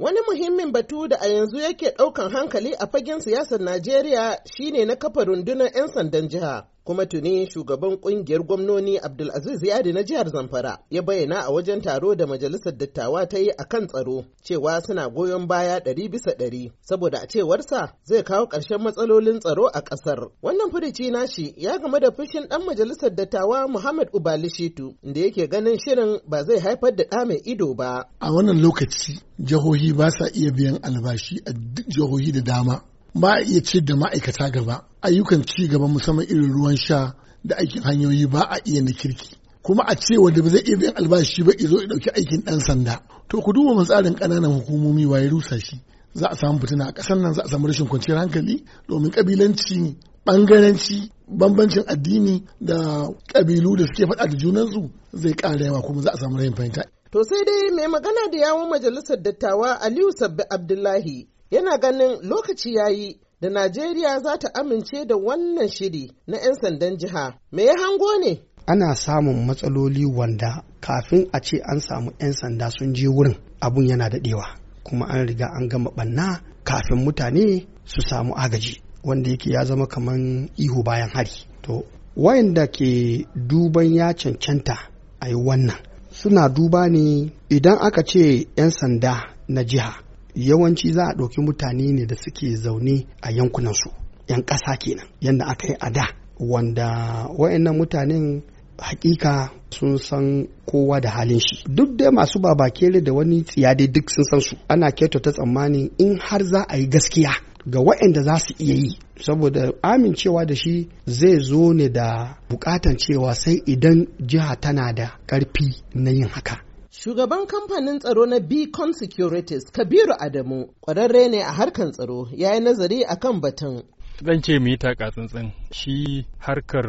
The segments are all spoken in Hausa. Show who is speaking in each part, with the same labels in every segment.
Speaker 1: When muhimmin batu da a yanzu yake ɗaukan hankali a fagen siyasar Najeriya shine na kafa rundunar 'yan sandan jiha. Kuma tuni shugaban kungiyar gwamnoni Abdulaziz Yadi na jihar Zamfara ya bayyana a wajen taro da majalisar dattawa ta yi a kan tsaro cewa suna goyon baya ɗari bisa ɗari saboda a cewarsa zai kawo ƙarshen matsalolin tsaro a ƙasar. Wannan furici nashi ya game da fushin ɗan majalisar dattawa Muhammad Ubali Shitu da yake ganin shirin ba zai haifar da ɗa mai ido ba.
Speaker 2: A wannan lokaci jihohi ba sa iya biyan albashi a jihohi da dama ba a iya ci da ma'aikata gaba ayyukan ci gaba musamman irin ruwan sha da aikin hanyoyi ba a iya na kirki kuma a ce wanda ba zai iya biyan albashi ba izo ya dauki aikin dan sanda to ku duba matsarin ƙananan hukumomi waye rusa shi za a samu fitina a ƙasar nan za a samu rashin kwanciyar hankali domin ƙabilanci bangaranci bambancin addini da ƙabilu da suke faɗa da junansu zai ƙara yawa kuma za a samu rayin fahimta
Speaker 1: To sai dai mai magana da yawon majalisar dattawa Aliyu Sabbi Abdullahi yana ganin lokaci yayi da Najeriya za ta amince da wannan shiri na 'yan sandan jiha. Me ya hango ne?
Speaker 3: Ana samun matsaloli wanda kafin a ce an samu 'yan sanda sun je wurin abun yana daɗewa kuma an riga an gama ɓanna kafin mutane su samu agaji wanda yake ya zama kamar ihu bayan hari. To wayanda ke duban ya cancanta a yi wannan suna duba ne idan aka ce 'yan sanda na jiha yawanci za a ɗauki mutane ne da suke zaune a yankunansu 'yan ƙasa kenan yadda aka yi a da wanda wayannan mutanen hakika sun san kowa da halin shi duk dai masu babakere da wani tsiya duk sun san su ana kyautata tsammanin in har za a yi gaskiya ga waɗanda za su iya yi saboda amincewa da shi zai zo ne da bukatan cewa sai idan jiha tana
Speaker 1: da
Speaker 4: ƙarfi na yin haka
Speaker 1: Shugaban kamfanin tsaro na Beacon Securities, Kabiru Adamu, ƙwararre ne a harkar tsaro, ya yi nazari a kan batun.
Speaker 4: Zan ce mu yi taka tsantsan, shi harkar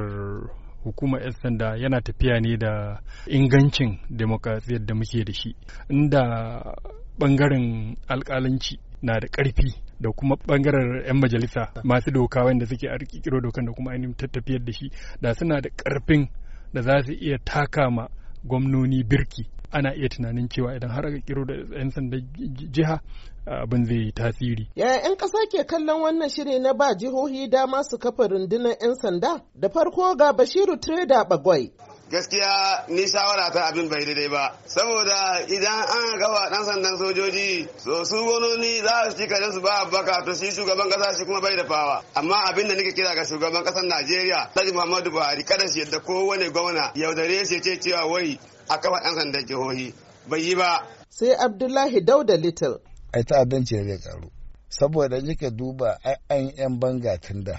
Speaker 4: hukuma 'yan sanda yana tafiya ne da ingancin demokrasiyar da muke da shi, inda ɓangaren alkalanci na da ƙarfi da kuma bangaren 'yan majalisa masu doka wanda suke a kirkiro dokan da kuma ainihin tattafiyar da shi da suna da karfin da za su iya taka ma gwamnoni birki ana iya tunanin cewa idan har aka kiro da 'yan sandan jiha abin zai tasiri.
Speaker 1: Yaya 'yan ƙasa ke kallon wannan shiri na ba jihohi dama su kafa rundunar 'yan sanda? Da farko ga Bashiru Trader Bagwai. gaskiya
Speaker 3: ni shawara ta abin bai daidai ba saboda idan an gawa ɗan sandan sojoji so su gononi za su ci karen su ba baka to shi shugaban kasa shi kuma bai da fawa amma abin da nake kira ga shugaban kasar Najeriya Alhaji Muhammadu Buhari kada shi yadda kowane gwamna yaudare shi ce cewa wai a kafa 'yan sandan jihohi bai yi ba.
Speaker 1: Sai Abdullahi Dauda Little. Ai ta'addanci ne zai karu. Saboda in duba an 'yan banga tun da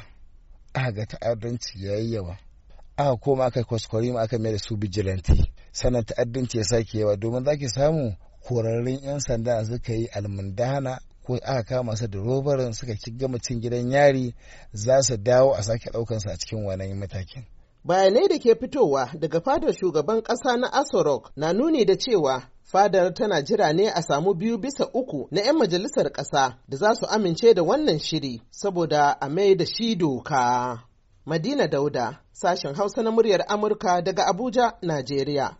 Speaker 1: aka ga ta'addanci ya yi yawa. Aka koma aka kwaskwari ma aka mai da su bijilanti. Sannan ta'addanci ya sake yawa domin za ki samu korarrun 'yan sanda suka yi almundana ko aka kama su da robarin suka ci gama cin gidan yari za su dawo a sake ɗaukansa a cikin wannan matakin. Bayanai da ke fitowa daga fadar shugaban ƙasa na Asorok na nuni da cewa fadar tana jira ne a samu biyu bisa uku na 'yan majalisar ƙasa da za su amince da wannan shiri saboda a mai da shi doka. Madina Dauda, sashen Hausa na muryar Amurka daga Abuja, Najeriya.